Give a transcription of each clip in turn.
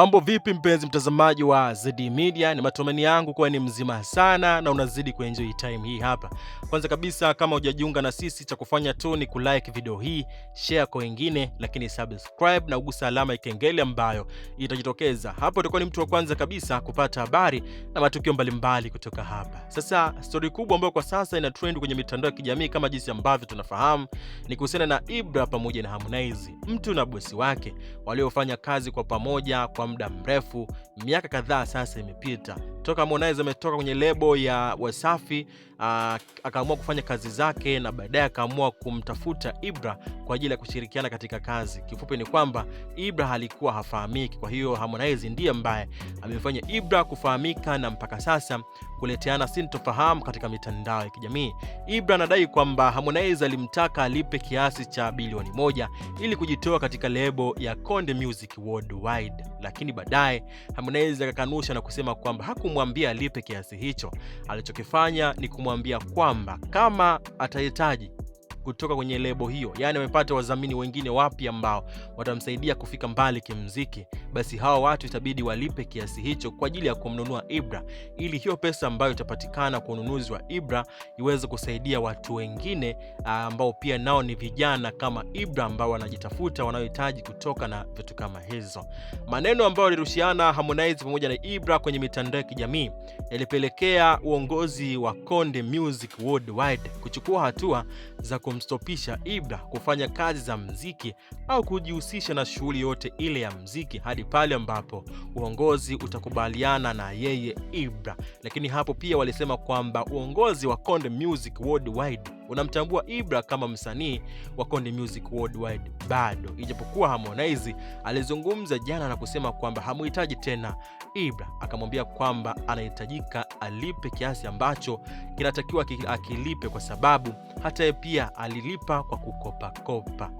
Mambo vipi mpenzi mtazamaji wa ZD Media? Ni matumaini yangu kuwa ni mzima sana na unazidi kuenjoy time hii hapa. Kwanza kabisa kama hujajiunga na sisi, cha kufanya tu ni kulike video hii, share kwa wengine, lakini subscribe na ugusa alama ya kengele ambayo itajitokeza hapo. Utakuwa ni mtu wa kwanza kabisa kupata habari na matukio mbalimbali kutoka hapa. Sasa stori kubwa ambayo kwa sasa ina trend kwenye mitandao ya kijamii kama jinsi ambavyo tunafahamu ni kuhusiana na Ibra pamoja na Harmonize, mtu na bosi wake waliofanya kazi kwa pamoja kwa muda mrefu, miaka kadhaa sasa imepita toka Harmonize ametoka kwenye lebo ya Wasafi, ah, akaamua kufanya kazi zake na baadaye akaamua kumtafuta Ibra kwa ajili ya kushirikiana katika kazi. Kifupi ni kwamba Ibra alikuwa hafahamiki, kwa hiyo Harmonize ndiye ambaye amefanya Ibra kufahamika na mpaka sasa kuleteana sintofahamu katika mitandao ya kijamii. Ibra anadai kwamba Harmonize alimtaka alipe kiasi cha bilioni moja ili kujitoa katika lebo ya Konde Music Worldwide, lakini baadaye Harmonize akakanusha na kusema kwamba hakumwambia alipe kiasi hicho. Alichokifanya ni kumwambia kwamba kama atahitaji kutoka kwenye lebo hiyo, yaani amepata wadhamini wengine wapya ambao watamsaidia kufika mbali kimziki, basi hawa watu itabidi walipe kiasi hicho kwa ajili ya kumnunua Ibra, ili hiyo pesa ambayo itapatikana kwa ununuzi wa Ibra iweze kusaidia watu wengine ah, ambao pia nao ni vijana kama Ibra ambao wanajitafuta, wanaohitaji kutoka na vitu kama hizo. Maneno ambayo alirushiana Harmonize pamoja na Ibra kwenye mitandao ya kijamii yalipelekea uongozi wa Konde Music Worldwide kuchukua hatua za ku kumstopisha Ibra kufanya kazi za mziki au kujihusisha na shughuli yote ile ya mziki hadi pale ambapo uongozi utakubaliana na yeye Ibra. Lakini hapo pia walisema kwamba uongozi wa Konde Music Worldwide unamtambua Ibra kama msanii wa Konde Music Worldwide bado, ijapokuwa Harmonize alizungumza jana na kusema kwamba hamuhitaji tena Ibra, akamwambia kwamba anahitajika alipe kiasi ambacho kinatakiwa akilipe, kwa sababu hata yeye pia alilipa kwa kukopakopa.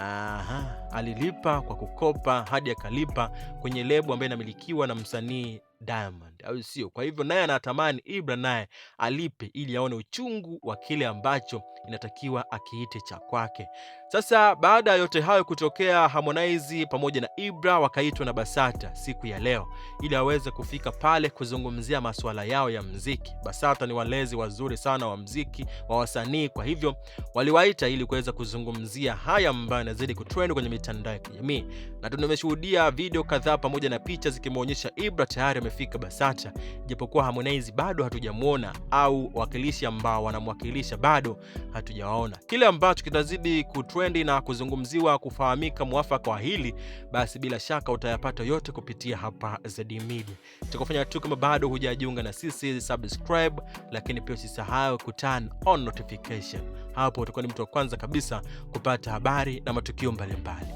Aha alilipa kwa kukopa hadi akalipa kwenye lebo ambayo inamilikiwa na msanii Diamond, au sio? Kwa hivyo naye anatamani Ibra naye alipe ili aone uchungu wa kile ambacho inatakiwa akiite cha kwake. Sasa baada ya yote hayo kutokea, Harmonize pamoja na Ibra wakaitwa na Basata siku ya leo ili aweze kufika pale kuzungumzia masuala yao ya mziki. Basata ni walezi wazuri sana wa mziki wa wasanii, kwa hivyo waliwaita ili kuweza kuzungumzia haya ambayo yanazidi kutrend kwenye mitandao ya kijamii, na tumeshuhudia video kadhaa pamoja na picha zikimwonyesha Ibra tayari amefika BASATA, japokuwa Harmonize bado hatujamwona au wakilishi ambao wanamwakilisha bado hatujawaona. Kile ambacho kitazidi kutrendi na kuzungumziwa, kufahamika mwafaka wa hili, basi bila shaka utayapata yote kupitia hapa Zedee Media. Tukufanya tu kama bado hujajiunga na sisi, subscribe, lakini pia usisahau ku turn on notification. Hapo utakuwa ni mtu wa kwanza kabisa kupata habari na matukio mbalimbali.